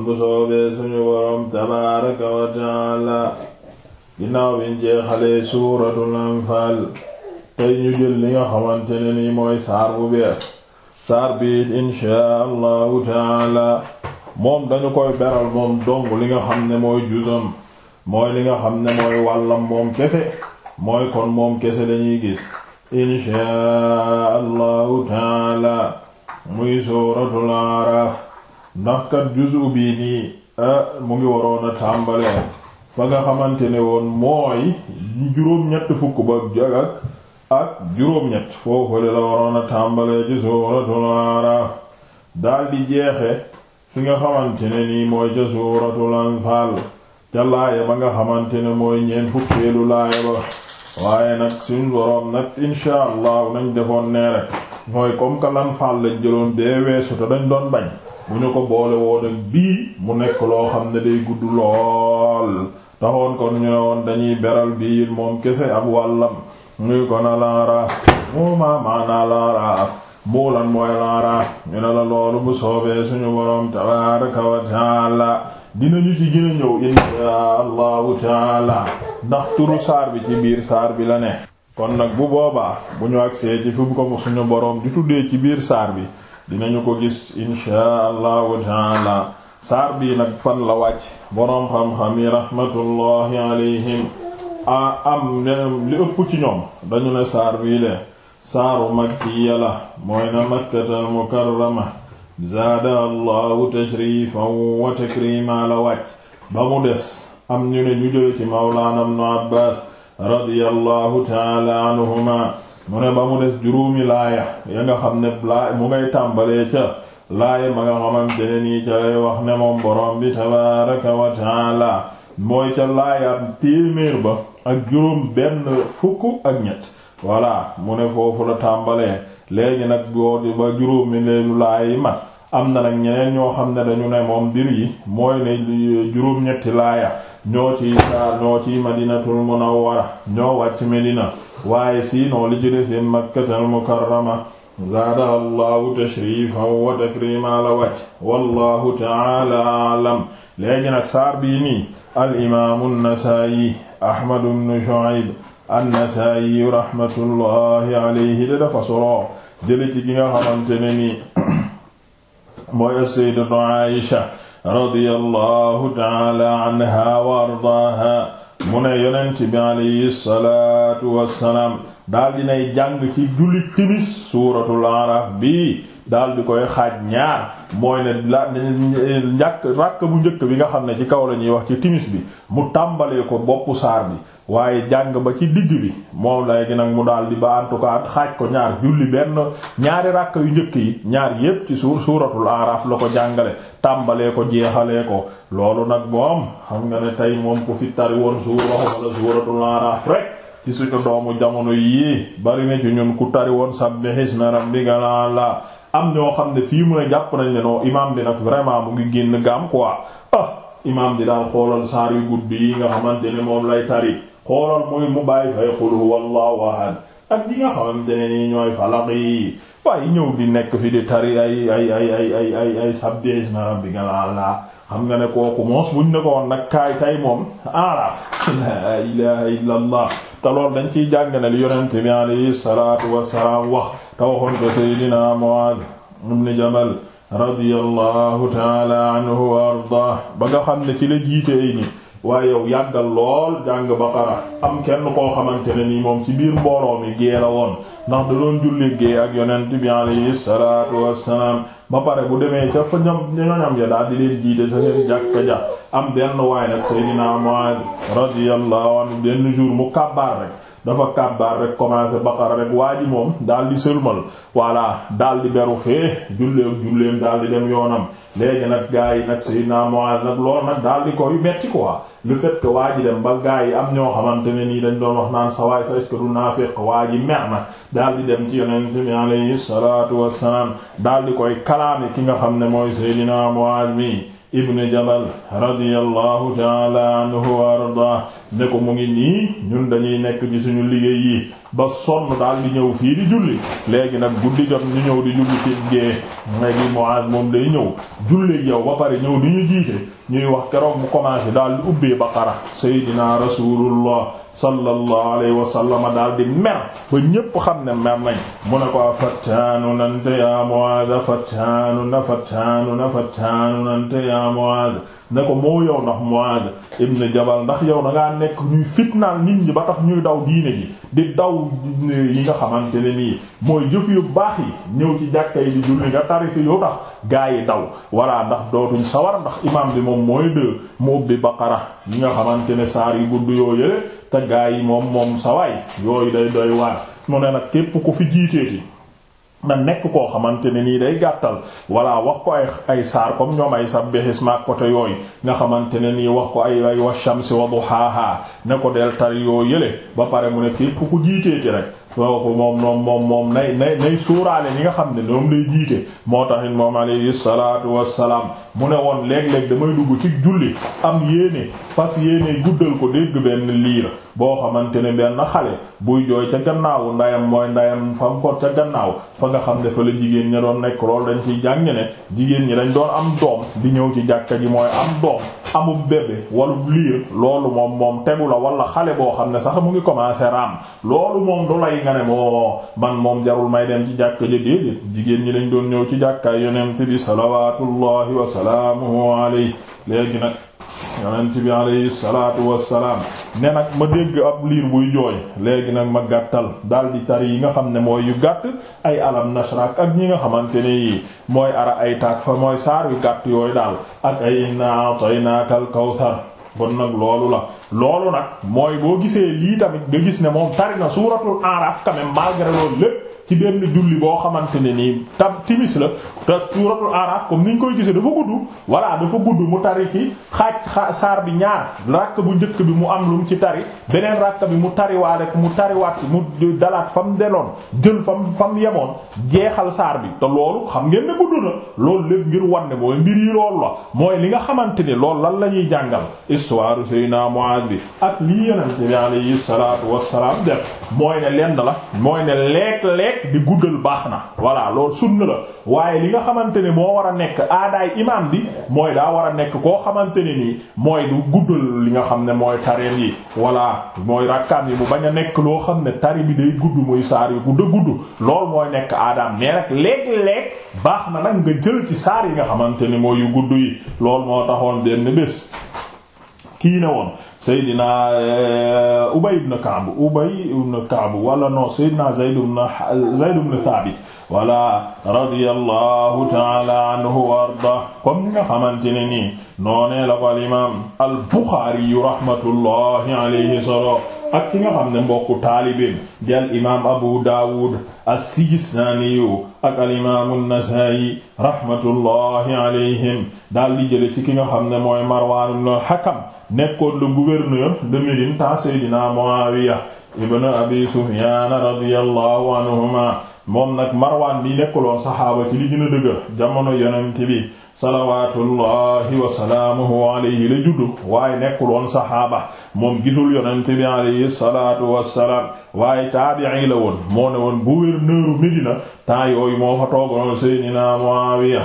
kon bu soobee suñu boroom tabaaraka wa ñu jël li nga xamante ne mooy saar bu bees saar bi inshaa allahu taala moom dañu koy beral moom dong li nga xam ne mooy jusam mooy li nga xam ne mooy wàllam moom kese mooy kon moom kese lañuy gis inshaa allahu taala muy suuratul araaf ndax kat juzu bii nii mu ngi waroon a tàmbalee fa nga xamante ne woon mooy juróom-ñett fukk ba ak ak juróom-ñett foofule la waroon a tàmbalee ci suuratul Aaraaf daal di jeexe fi nga xamante ne nii mooy ca suuratul Anfaal ca laaya ba nga xamante ne mooy ñeent fukkeelu laaya ba waaye nag suñ boroom nag insha allah nañ defoon nee rek mooy comme que Anfaal lañ jëloon bee weesu te dañ doon bañ. bu ñu ko boole woon ak bii mu nekk loo xam ne day gudd lool taxoon kon ñu ne woon dañuy beral bii moom kese ab wàllam muy kon a laara moo maamaana laara buu lan mooy laara ñu ne la loolu bu soobee suñu boroom tabaraka wa taala dinañu ci gën ñëw insha allahu taala ndax turu saar bi ci biir saar bi la ne kon nag bu boobaa bu ñu agsee ci fi bu ko suñu boroom di tuddee ci biir saar bi dinañu ko gis inshaa allahu taala saar bii nag fan la wàcc boroom xam-xam yi rahmatullahi alayhim a am ne li ëpp ci ñoom dañu ne saar bii le saaru makkiya la mooy na makkatal mukarrama zaada allahu tashrifan wa takrima la wàcc ba mu des am ñu ne ñu jële ci mawlaana ibnu abbaas taala anhuma mu ne ba mu des juróomi laaya ya nga xam ne laa mu ngay tàmbalee ca laaya ma nga xamante ne nii ca wax ne moom borom bi tabaaraka wa taala mooy ca laaya téeméer ba ak juróom benn fukk ak ñett voilà mu ne foofu la tàmbalee léegi nag boo di ba juróomi leelu laaya yi mat am na nag ñeneen ñoo xam ne dañu ne moom mbir yi mooy ne juróom-ñetti laaya ñoo ci ñoo ci madinatul munawwara ñoo wàcc medina waaye si li ci des makkatal mukarrama zaadaha allahu tashrifan wa takrima la wàcc wallahu taala alam léegi nag saar bii nii al imaamu nnasaayi ahmadu bnu shu'ayb rahmatullahi alayhi da dafa soloo jële ci nga xamante ne nii mooy sayyidatu Aisha radiyallahu ta'ala anha wa ardaaha mu ne yonent bi alayhi salaatu wassalaam daal dinay jàng ci julli timis suuratul Araf bi daal di koy xaaj ñaar mooy ne la njàkk ràkk bu njëkk bi nga xam ne ci kaw ñuy wax ci timis bi mu tàmbalee ko boppu saar bi waaye jàng ba ci digg bi moom léegi nag mu daal di ba en xaaj ko ñaar julli benn ñaari ràkk yu njëkk yi ñaar yépp ci suur suuratul aaraaf la ko jàngale tàmbalee ko jeexalee ko loolu nag moom xam nga ne tey moom ko fi tari woon suur waxu wala suuratul aaraaf rek ci suñu doomu jamono yii bari na ci ñun ku tari woon sabbihisma rabbikal la am ñoo xam ne fii mu ne jàpp nañ ne non imaam bi nag vraiment mu ngi génn gaam quoi ah imaam bi daal xoolal saar yu gudd yi nga xamante ne moom lay tari. xoolal mooy mu bàyyi fay qul huwallahu ahad ak yi nga xamante ne nii ñooy falaq yi waaye ñëw di nekk fi di tari ay ay ay ay ay ay ay sabbi isma rabbika ala xam nga ne kooku moos buñ ne ko woon nag kaay tay moom aaraaf la ilaha illa allah te loolu dañ ciy jàng ne li yonente bi alayhi salatu wasalaam wax te waxoon ko seydina Muaad ibn Jabal radiyallahu taala anhu wa ardah ba nga xam ne ci la jiite ay ni waaye yow yàggal lool jàng baqara am kenn koo xamante ne nii moom ci biir mbooloo mi gée la woon ndax da doon julli gée ak yonent bi alayhi salaatu wassalaam ba pare bu demee ca fa ñam ñoñam ya daal di leen jiite sa seen jàkka ja am benn waay nag Seydina Muaad radiyallahu anhu benn jour mu kàbbaar rek dafa kàbbaar rek commencé baqara rek waa ji moom daal di sëlmal voilà daal di beru fee julleem julleem daal di dem yoonam léegi nag gars yi nag Seydina Muaz nag loolu nag daal di koy metti ko le fait que waa ji dem ba gars yi am ñoo xamante ne nii dañ doon wax naan sa waay sa est du naafiq waa ji mer na daal di dem ci yonent bi alayhi salaatu wassalaam daal di koy kalaame ki nga xam ne mooy Seydina Muaz mi ibn jabal radiyallahu taala anhu wa arda ne ko mu ngi nii ñun dañuy nekk ci suñu liggéey yi ba sonn daal di ñëw fii di julli léegi nag guddi jot ñu ñëw di julli ci gée léegi Muaz moom day ñëw julli yow ba pare ñëw di ñu jiite ñuy wax keroog mu commencé daal di ubbee baqara saydina rasulullah sallallahu alayhi wa sallam daal di mer ba ñépp xam ne mer nañ mu ne ko fattaanu nante ya Muaaz fattaanu na fattaanu na fattaanu nante ya Muaaz ne ko moo yow ndax Muaaz ibn Jabal ndax yow da ngaa nekk ñuy fitnaal nit ñi ba tax ñuy daw diine ji di daw yi nga xamante ne nii mooy jëf yu baax yi ñëw ci jàkka yi di julli nga tari fi yow tax gaa yi daw walla ndax dootuñ sawar ndax imaam bi moom mooy de mu ubbi Baqara yi nga xamante ne saar yi gudd yoo yële te gaa yi moom moom sawaay yooyu day doy waar mu ne nag képp ku fi jiitee jiiteeti na nekk koo xamante ne nii day gàttal walla wax ko ay ay saar comme ñoom ay sa sabbihisma côté yooyu nga xamante ne nii wax ko ay ay wa shamsi wa duhaaha ne ko del tar yoo yële ba pare mu ne képp ku jiiteeti rek foo moom moom moom moom nay nay nay suuraale ñi nga xam ne ñoom lay jiite moo taxit moom alayhi salaatu wassalaam mu ne woon léeg-léeg damay dugg ci julli am yéene fas yéene guddal ko dégg benn liir boo xamante ne benn xale buy jooy ca gannaawu ndayam mooy ndayam fam ko ca gannaaw fa nga xam ne fa la jigéen ñi doon nekk loolu dañ ciy jàng ne jigéen ñi dañ doon am doom di ñëw ci jàkka ji mooy am doom amum bébé walum liir loolu moom moom tegu la xale boo xam ne sax mu ngi commencé raam loolu moom du lay nga ne moo oh, man moom jarul may dem ci jàkka ja déedéet jigéen ñi lañ doon ñëw ci jàkkaay yonent bi salawatullahi wa salaamuhu alayhi léegi nag yonent bi alayhi salaatu wassalaam ne nag ma dégg ab liir buy jooy léegi nag ma gàttal daal di yi nga xam ne mooy yu gàtt ay alam nashrak ak ñi nga xamante ne yi mooy ara ay taak fa mooy saar gàtt yooyu daal ak ay inna ataynaakal kawsar kon nag loolu la loolu nag mooy boo gisee lii tamit nga gis ne moom tari na suuratul Araf quand même loolu lépp ci benn julli boo xamante ne nii tam timis la te suuratul Araf comme ni ñu koy gisee dafa gudd voilà dafa gudd mu tari ci xaaj saar bi ñaar rakk bu njëkk bi mu am lum ci tari beneen rakk bi mu tariwaale mu tariwaat mu dalaat fa mu deloon jën fa mu fa yemoon jeexal saar bi te loolu xam ngeen ne gudd na loolu lépp ngir wan ne mooy mbir yi loolu la mooy li nga xamante ne loolu lan la ñuy jàngal bi ak lii yonente bi alayhi salaatu wassalaam def mooy ne lenn la mooy ne leeg-leeg di guddal baax na voilà loolu sunna la waaye li nga xamante ne moo war a nekk aadaay imaam bi mooy daa war a nekk koo xamante ne nii mooy du guddal li nga xam ne mooy tareem yi voilà mooy rakkaam yi mu bañ a nekk loo xam ne tari bi day gudd muy saar yu gudd gudd loolu mooy nekk aadaam mais nag leeg-leeg baax na nag nga jël ci saar yi nga xamante ne mooy yu gudd yi loolu moo taxoon benn bés kii ne woon Seydina eh, Ubay ibn Ka'b Ubay ibn Ka'b wala non Seydina Zayd ibn Zayd ibn Thabit wala radiyallahu taala anhu wa arda comme nga xamante ne nii noonee la ko al imam al Buxaari yu rahmatullahi solo ak ki nga xam ne mbokku taalibin di al imam Abu Dawud as-Sijistaani yu ak al imam an-Nasaa'i rahmatullahi alayhim daal ki nga xam ne mooy Marwaan ibn al-Hakam nekkoon le gouverneur de Médine ta Seydina Muawiya ibn Abi Sufyaan radiyallahu anhuma moom nag marwaan bi nekkuloon saxaaba ci li gën a dëgër jamono yonent bi salawaatullahi wa salaamuhu alayhi la juddu waaye nekkuloon saxaaba moom gisul yonent bi alayhi salaatu wassalaam waaye taabi'i la woon moo ne woon gouverneur Médina temps yooyu moo fa toogoon Seydina Muawiya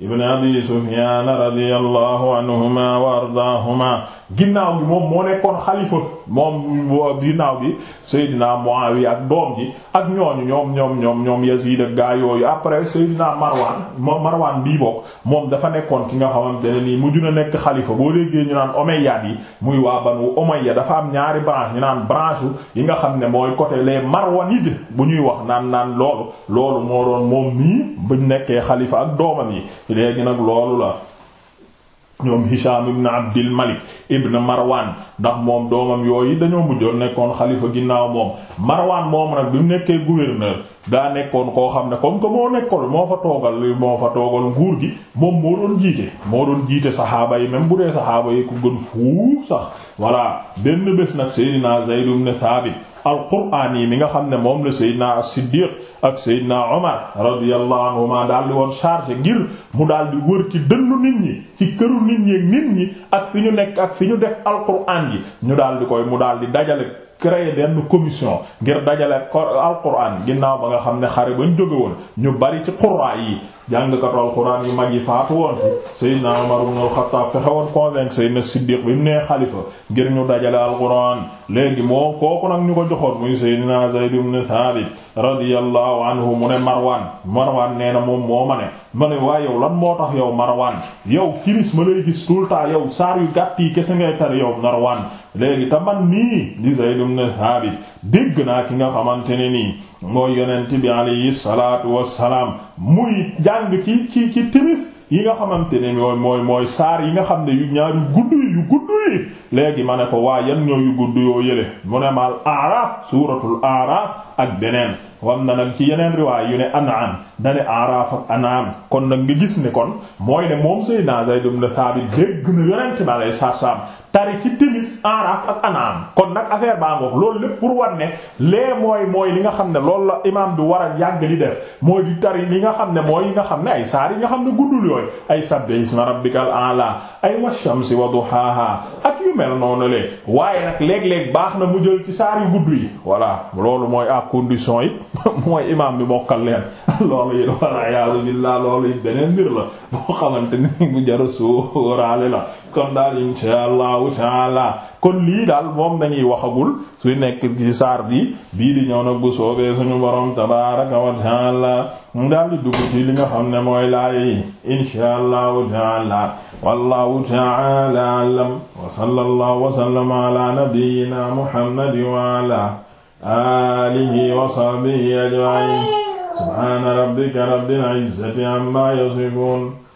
ibn abi sufyan radiyallahu anhuma wa ardaahuma ginnaaw bi moom moo nekkoon xalifa moom ginnaaw bi seydina muawiya ak doom ji ak ñooñu ñoom ñoom ñoom ñoom ak gaa yooyu après seydina marwan moom marwan bii bokk moom dafa nekkoon ki nga xamante ne nii mujj na nekk xalifa boo léegi ñu naan omeyyad yi muy waa banu umayya dafa am ñaari branche ñu naan branche yi nga xam ne mooy côté les marwanides bu ñuy wax naan naan loolu loolu moo doon moom nii nekkee xalifa ak doomam yi léegi nag loolu la ñoom Hisham ibn Abdil Malik ibn Marwan ndax moom doomam yooyu dañoo mujjoo nekkoon xalifa ginnaaw moom Marwan moom nag bi mu nekkee gouverneur daa nekkoon koo xam ne comme que moo nekkoon moo fa toogal moo fa toogal nguur gi moom moo doon jiite moo doon jiite saxaaba yi même bu dee saxaaba yi ku gën fuuf sax voilà benn bés nag Seydina Zayd ibn Thabit alquraan yi mi nga xam ne moom la Seydina Siddiq ak Seydina Omar radiyallahu anhuma daal di woon chargé ngir mu daal di wër ci dënnu nit ñi ci këru nit ñi ak nit ñi ak fi ñu nekk ak fi ñu def alquraan yi ñu daal di koy mu daal di dajale créé benn commission ngir dajale alquraan ginnaaw ba nga xam ne xare bañ jóge woon ñu bari ci qurraa yi jàngkatu alxuraan yu mag yi faatu woon Seydina Umar ibn al-Khattab fexe woon convaincre Seydina Siddiq bi mu nee xalifa ngir ñu dajale alxuraan léegi moo kooku nag ñu ko joxoon muy Seydina Zayd ibn Thabit radiyallahu anhu mu ne Marwan Marwan nee na moom moo ma ne ma ne waa yow lan moo tax yow Marwan yow kiris ma lay gis tout le temps yow saar yu gàtt yi kese ngay tar yow Marwan léegi te man nii di Zayd ibn Thabit naa ki nga xamante ne nii mooy yonent bi alayhi salaatu muy jàng ci ci ci timis yi nga xamante ne mooy mooy saar yi nga xam ne yu ñaar yu gudd yi yu gudd yi léegi ma ne ko waa yan ñoo yu gudd yoo yële mu ne maal aaraaf suuratul aaraaf ak beneen wam na nag ci yeneen riwaay yu ne an'am dane aaraaf ak an'am kon nag nga gis ne kon mooy ne moom Seydina Zayd ibn Thabit dégg na yonent bi alayhi salaam tari ci timis araf ak anaam kon nag affaire baa ngoog loolu lépp pour wan ne lee mooy mooy li nga xam ne loolu la imaam bi waral a yàgg di def mooy di tari li nga xam ne mooy yi nga xam ne ay saar yi nga xam ne guddul yooyu ay sabbi isma rabbikal a'la ay wash-shamsi wa duhaha ak yu mel noonu le waaye nag léeg-léeg baax na mu jël ci saari yu gudd yi voilà loolu mooy à condition yi mooy imaam bi mokkal leen loolu yi walla iyaazu loolu yi beneen mbir xamante ni mu jara sóoraale la kon daal insha allahu taala kon lii daal moom nañuy waxagul su nekk ci saar bi bii di ñëw nag bu soobee suñu borom tabaaraka wa taala mu di dugg ci li nga xam ne mooy laaya yi insha allahu taala wallahu taala alam wa sallallahu wa sallama ala nabiyyina muhammad wa ala alihi wa sahbihi ajma'in subhana rabbika rabbil izzati amma